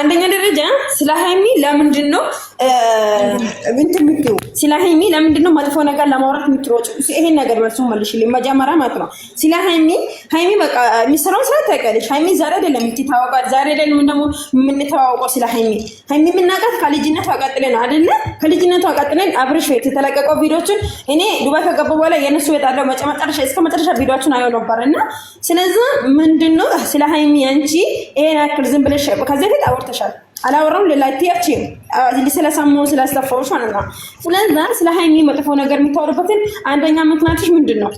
አንደኛ ደረጃ ስለ ሀይሚ ለምንድን ነው ስለ ሀይሚ ለምንድን ነው መጥፎ ነገር ለማውራት የምትሮጭ? ይሄን ነገር መልሱ መልሽልኝ። መጀመሪያ ማለት ነው ስለ ሀይሚ ሀይሚ በቃ የሚሰራውን ስራ ታውቂያለሽ። ሀይሚ ዛሬ አይደለም የምትታወቃት፣ ዛሬ አይደለም ደግሞ የምንተዋወቀው ስለ ሀይሚ። ሀይሚ የምናውቃት ከልጅነቷ ቀጥሎ ነው አይደለ? ከልጅነቷ ቀጥሎ አብርሽ ቤት የተለቀቀው ቪዲዮችን እኔ ዱባይ ከገባ በኋላ የእነሱ የጣለው መጨመጨረሻ እስከ መጨረሻ ቪዲዮችን አየው ነበር እና ስለዚህ ምንድን ነው ስለ ሀይሚ አንቺ ይሄን ያክል ዝም ብለሽ ከዚህ ፊት አውርተ ሰምተሻል። አላወራም ሌላ ቲያችን ስለሰሙ ስላስለፋዎች ማለት ነው። ስለዛ ስለ ሀይሚ መጥፎ ነገር የምታወሩበትን አንደኛ ምክንያቶች ምንድን ነው?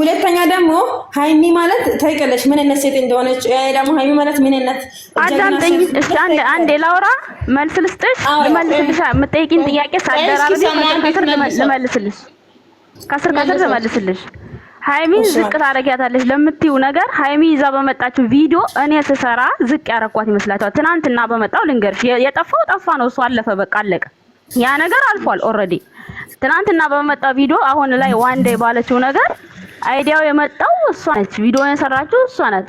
ሁለተኛ ደግሞ ሀይሚ ማለት ታይቀለሽ ምንነት ሴት እንደሆነች ደግሞ ሀይሚ ማለት ምን ምንነት አዳምጠኝ። እሺ አንድ አንድ ላውራ መልስ ልስጥሽ፣ ልመልስልሽ የምጠይቂኝ ጥያቄ ሳደራረብ ከስር ከስር ልመልስልሽ ሀይሚ ዝቅ ታረጊያታለሽ ለምትዩ ነገር ሀይሚ ይዛ በመጣችው ቪዲዮ እኔ ስሰራ ዝቅ ያረኳት ይመስላችኋል? ትናንትና በመጣው ልንገርሽ፣ የጠፋው ጠፋ ነው። እሱ አለፈ፣ በቃ አለቀ። ያ ነገር አልፏል ኦልሬዲ። ትናንትና በመጣው ቪዲዮ አሁን ላይ ዋንዴ ባለችው ነገር አይዲያው የመጣው እሷ ነች፣ ቪዲዮ የሰራችው እሷ ነች።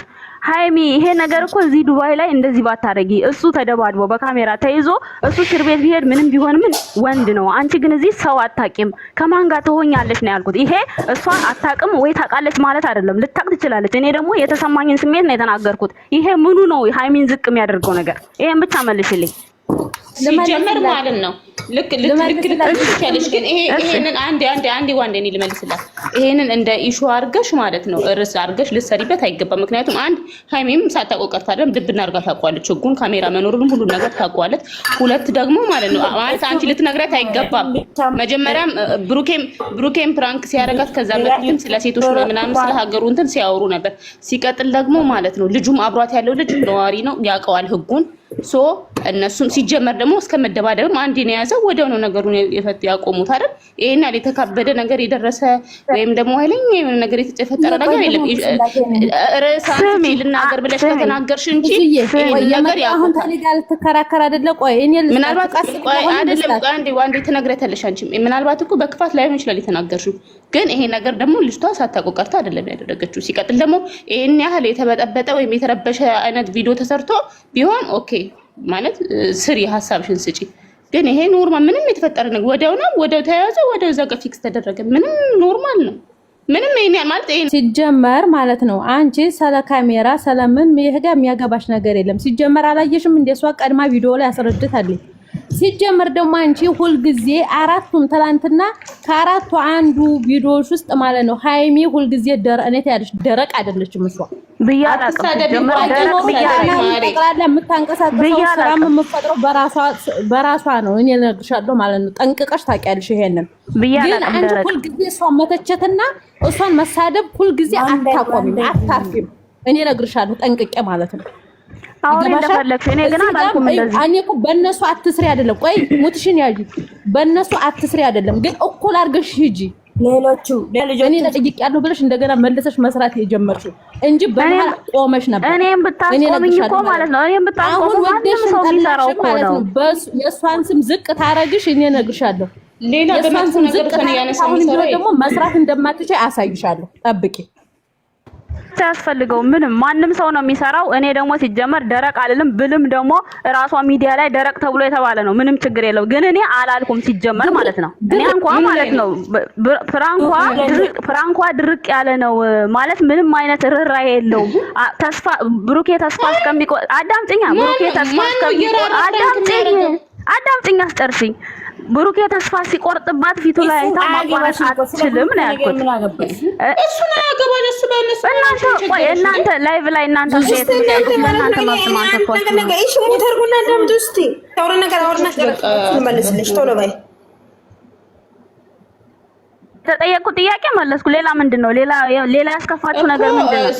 ሀይሚ ይሄ ነገር እኮ እዚህ ዱባይ ላይ እንደዚህ ባታረጊ፣ እሱ ተደባድቦ በካሜራ ተይዞ እሱ እስር ቤት ቢሄድ ምንም ቢሆን ምን ወንድ ነው። አንቺ ግን እዚህ ሰው አታቂም፣ ከማን ጋር ትሆኛለች ነው ያልኩት። ይሄ እሷ አታቅም ወይ ታውቃለች ማለት አይደለም፣ ልታቅ ትችላለች። እኔ ደግሞ የተሰማኝን ስሜት ነው የተናገርኩት። ይሄ ምኑ ነው ሀይሚን ዝቅ የሚያደርገው ነገር? ይሄን ብቻ መልሽልኝ። ሲጀመር ማለት ነው። ልክ ልክ ልትቻለሽ ግን ይሄ ይሄንን አንድ አንድ አንድ ዋንዴ እኔ ልመልስላት። ይሄንን እንደ ኢሹ አርገሽ ማለት ነው ርዕስ አርገሽ ልትሰሪበት አይገባም። ምክንያቱም አንድ ሀይሜም ሳታውቀው ቀርታ አይደለም ድብና አርጋ ታውቀዋለች፣ ህጉን፣ ካሜራ መኖሩን ሁሉ ነገር ታውቀዋለች። ሁለት ደግሞ ማለት ነው ማለት አንቺ ልትነግራት አይገባም። መጀመሪያም ብሩኬም ብሩኬም ፕራንክ ሲያረጋት ከዛ በፊትም ስለ ሴቶች ምናምን ስለ ሀገሩ እንትን ሲያወሩ ነበር። ሲቀጥል ደግሞ ማለት ነው ልጁም አብሯት ያለው ልጅ ነዋሪ ነው ያውቀዋል ህጉን ሶ እነሱም ሲጀመር ደግሞ እስከ መደባደብም አንድ ነው የያዘው። ወዲያው ነው ነገሩን የፈት ያቆሙት አይደል? ይሄን ያህል የተካበደ ነገር የደረሰ ወይም ደግሞ ኃይለኛ የሆነ ነገር የተፈጠረ ነገር የለም። ርዕሰ አንቺ ልናገር ብለሽ ከተናገርሽ እንጂ ይሄን ነገር ያው አሁን ታሊጋ ልትከራከር አይደለ? ቆይ እኔ ምናልባት ቆይ አይደለም ቆይ አንዴ ዋንዴ ትነግረታለሽ። አንቺም ምናልባት እኮ በክፋት ላይሆን ይችላል የተናገርሽው፣ ግን ይሄ ነገር ደግሞ ልጅቷ ሳታውቀው ቀርታ አይደለም ያደረገችው። ሲቀጥል ደግሞ ይሄን ያህል የተበጠበጠ ወይም የተረበሸ አይነት ቪዲዮ ተሰርቶ ቢሆን ኦኬ ማለት ስሪ፣ ሀሳብሽን ስጪ። ግን ይሄ ኖርማል ምንም የተፈጠረ ነገር ወደው ነው፣ ወደው ተያዘ ወደው እዛ ጋር ፊክስ ተደረገ። ምንም ኖርማል ነው። ምንም ይሄን ማለት ይሄ ሲጀመር ማለት ነው። አንቺ ስለ ካሜራ ስለምን ይሄ ጋር የሚያገባሽ ነገር የለም። ሲጀመር አላየሽም? እንደሷ ቀድማ ቪዲዮ ላይ አስረድታለች። ሲጀመር ደግሞ አንቺ ሁልጊዜ አራቱም ትላንትና ከአራቱ አንዱ ቪዲዮዎች ውስጥ ማለት ነው ሀይሚ ሁልጊዜ ደረ እኔ ያለሽ ደረቅ አይደለችም እሷ በራሷ ነው። እኔ እነግርሻለሁ ማለት ነው። ጠንቅቀሽ ታውቂያለሽ ይሄንን። ግን አንቺ ሁልጊዜ እሷን መተቸትና እሷን መሳደብ ሁልጊዜ አታቆሚም፣ አታርፊም። እኔ እነግርሻለሁ ጠንቅቄ ማለት ነው። እኔ እኮ በእነሱ አትስሪ አይደለም። ቆይ ሙትሽን ያዥ። በእነሱ አትስሪ አይደለም፣ ግን እኩል አድርገሽ ሂጂ ሌሎቹ እኔ ጠይቄያለሁ ብለሽ እንደገና መልሰሽ መስራት የጀመርሽው እንጂ በመሀል ቆመሽ ነበር። እኔም እኮ ማለት ነው። እኔም ሰው ነው። የእሷን ስም ዝቅ ታረግሽ እኔ እነግርሻለሁ። ስም ዝቅ ታረግሽ ደግሞ መስራት እንደማትችይ አሳይሻለሁ። ጠብቂ ጡረታ ያስፈልገው ምንም ማንም ሰው ነው የሚሰራው። እኔ ደግሞ ሲጀመር ደረቅ አልልም ብልም ደግሞ ራሷ ሚዲያ ላይ ደረቅ ተብሎ የተባለ ነው። ምንም ችግር የለው። ግን እኔ አላልኩም ሲጀመር ማለት ነው። እኔ እንኳን ማለት ነው ፍራንኳ ድርቅ ፍራንኳ ድርቅ ያለ ነው ማለት ምንም አይነት ርህራሄ የለውም። ተስፋ ብሩኬ ተስፋ እስከሚቆ አዳምጪኛ ብሩኬ ተስፋ እስከሚቆ አዳምጪኝ አዳምጪኝ አስጨርሽኝ ብሩኬ ተስፋ ሲቆርጥባት ፊቱ ላይ አይታ ማቋረጥ አትችልም ነው ያልኩት። እሱ ነው ያገባኝ። እሱ በእነሱ እና እናንተ ላይቭ ላይ እናንተ ሴት እናንተ ተጠየቅኩ ጥያቄ መለስኩ። ሌላ ምንድን ነው? ሌላ ሌላ ያስከፋችሁ ነገር ምንድን ነው?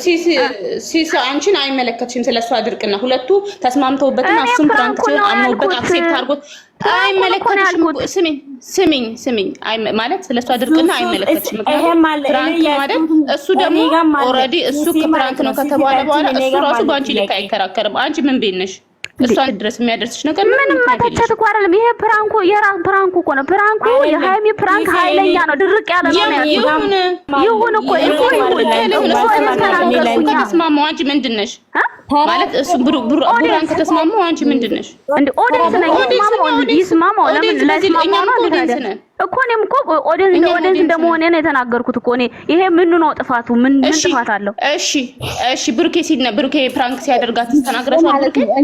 ሲሲ አንቺን አይመለከትሽም። ስለሱ አድርቅና ሁለቱ ተስማምተውበትና እሱም ፍራንክ አምኖበት አክሴፕት አድርጎት አይመለከትሽም። ስሚኝ ስሚኝ ስሚኝ አይ ማለት ስለሱ አድርቅና አይመለከትሽም። ፍራንክ ማለት እሱ ደግሞ ኦልሬዲ እሱ ፍራንክ ነው ከተባለ በኋላ እሱ ራሱ በአንቺ ልክ አይከራከርም። አንቺ ምን ቤት ነሽ? እሷን ድረስ የሚያደርስሽ ነገር ምንም መተቸት እኮ አይደለም። ይሄ ፕራንኩ የራስ ፕራንኩ እኮ ነው። ፕራንኩ የሀይሚ ፕራንክ ኃይለኛ ነው፣ ድርቅ ያለ ነው። ይሁን ይሁን እኮ እኮ አንቺ ምንድን ነሽ ማለት እሱ ቡራን ከተስማሙ አንቺ ምንድን ነሽ? እንደ ኦዲየንስ ነኝ። ይስማማው ለምን ለዚህ እኛ ኦዲየንስ ነን እኮ እኔም እኮ ኦዲየንስ ኦዲየንስ እንደመሆኔ ነው የተናገርኩት እኮ እኔ ይሄ ምን ነው ጥፋቱ? ምን ምን ጥፋት አለው? እሺ እሺ፣ ብሩኬ ሲነ ብሩኬ ፕራንክ ሲያደርጋት ተናግረሽ ማለት እኮ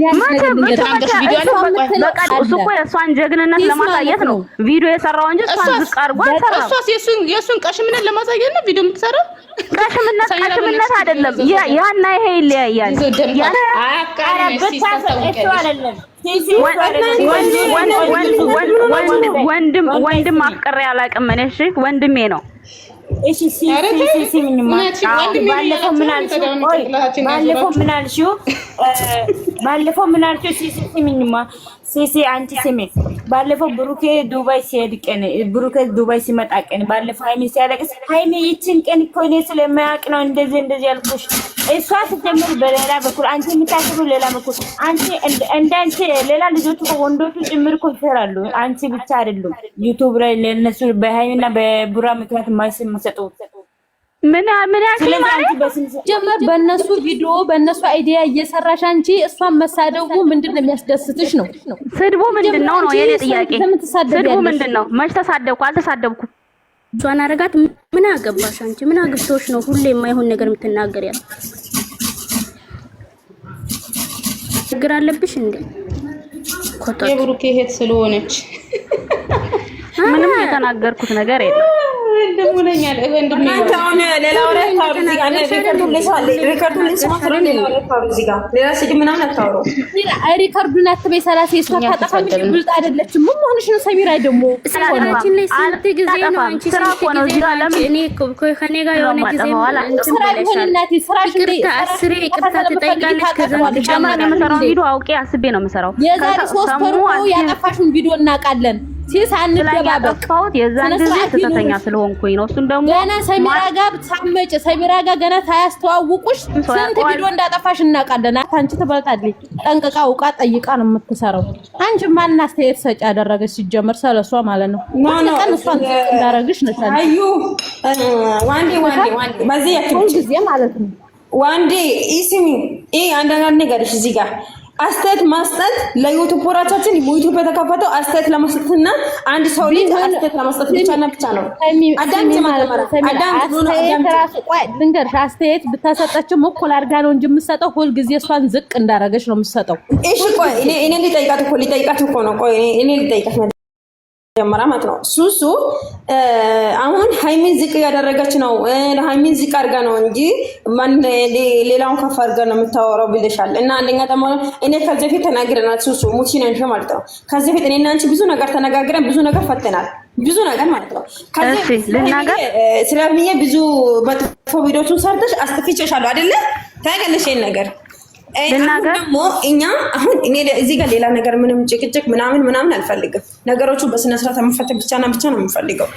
የእሷን ጀግንነት ለማሳየት ነው ቪዲዮ የሰራው እንጂ እሷን ዝቅ አድርጎ አልሰራም። እሷ የሱን የሱን ቀሽምነት ለማሳየት ነው ቪዲዮ የምትሰራው። ቀሽምነት ቀሽምነት አይደለም። ያና ይሄ ይለያያል። ያና አቃራ ብቻ ሰው አይደለም ወንድም አፍቅሬ አላውቅም። እኔ እሺ ወንድሜ ነው። እሺ ባለፈው ምን አልሽው? ባለፈው ምን አልኩ? ሲሲ ሲሚኝማ ሲሲ አንቺ ሲሚ ባለፈው ብሩኬ ዱባይ ሲሄድ ቀን ብሩኬ ዱባይ ሲመጣ ቀን ባለፈው ሀይሚ ሲያለቅስ ሀይሚ ይችን ቀን እኮ እኔ ስለማያውቅ ነው እንደዚህ እንደዚህ ያልኩሽ። እሷ ስትጀምር በሌላ በኩል አንቺ የምታስበው ሌላ በኩል አንቺ እንደ ሌላ ልጆቹ ወንዶቹ ጭምር እኮ ይሰራሉ። አንቺ ብቻ አይደሉም። ዩቱብ ላይ ለነሱ በሀይሚና በቡራ ምክንያት ማይስ የሚሰጡ ምን ምን ያክል ማለት ጀመር በእነሱ ቪዲዮ በእነሱ አይዲያ እየሰራሽ አንቺ እሷን መሳደቡ ምንድን ነው የሚያስደስትሽ? ነው ስድቡ ምንድን ነው ነው የኔ ጥያቄ። ስድቡ ምንድን ነው? መች ተሳደብኩ? አልተሳደብኩ። እሷን አረጋት። ምን አገባሽ አንቺ? ምን አግብቶሽ ነው ሁሌ የማይሆን ነገር የምትናገር? ያለ ችግር አለብሽ እንዴ? ኮታ የብሩኬ እህት ስለሆነች ምንም የተናገርኩት ነገር የለም። ሪከርዱን አትበይ። ሰላሳ የእሷ ታጠፋች ብልጥ አይደለችም። ምን መሆንሽ ነው ሰሚራ? ደግሞ ስራችን ላይ ስንት ጊዜ ነው አንቺ ስንት ጊዜ እኔ አውቄ አስቤ ነው የምሰራው። የዛሬ ሶስት ወር ያጠፋሽን ቪዲዮ እናውቃለን። ሲስ አንደባበቅ የዛን ጊዜ ስህተተኛ ስለሆንኩኝ ነው። እሱን ደግሞ ገና ሰሚራ ጋር ብትሳመጭ ሰሚራ ጋር ገና ታያስተዋውቁሽ ስንት ቪዲዮ እንዳጠፋሽ እናውቃለን። አንቺ ትበልጣለች። ጠንቅቃ አውቃ ጠይቃ ነው የምትሰራው። አንቺ ማን አስተያየት ሰጪ ያደረገች ሲጀምር ስለሷ ማለት ነው። ቀን እሷ እንዳረግሽ ነሻል ሁልጊዜ ማለት ነው። ዋንዴ ይስሚ ይህ አንዳንድ ነገርሽ እዚህ ጋር አስተያየት ማስጠት ለዩቱብ ለዩቱበሮቻችን ዩቱብ የተከፈተው አስተያየት ለመስጠት እና አንድ ሰው ሊ አስተያየት ለመስጠት ብቻ እና ብቻ ነው። ልንገርሽ፣ አስተያየት ብታሰጠችም እኩል አድርጋ ነው እንጂ የምትሰጠው ሁልጊዜ እሷን ዝቅ እንዳደረገች ነው የምትሰጠው። እሺ፣ ቆይ እኔ ሊጠይቃት እኮ ሊጠይቃት እኮ ነው። ቆይ እኔ ልጠይቃት ጀመራ ማለት ነው ሱሱ አሁን ሀይሚን ዝቅ እያደረገች ነው። ሀይሚን ዝቅ አድርጋ ነው እንጂ ሌላውን ከፍ አድርጋ ነው የምታወራው ብልሻል። እና አንደኛ ደግሞ እኔ ከዚህ በፊት ተናግረናል። ሱሱ ሙቺ ነንሽ ማለት ነው። ከዚህ በፊት እኔና አንቺ ብዙ ነገር ተነጋግረን ብዙ ነገር ፈትናል። ብዙ ነገር ማለት ነው። ስለምዬ ብዙ መጥፎ ቪዲዮቹን ሰርተሽ አስጥፍቼሻለሁ አይደለ? ታገለሽ ይሄን ነገር ደግሞ እኛ አሁን እኔ እዚህ ጋር ሌላ ነገር ምንም ጭቅጭቅ ምናምን ምናምን አልፈልግም። ነገሮቹ በስነስርዓት መፈተግ ብቻና ብቻ ነው የምፈልገው።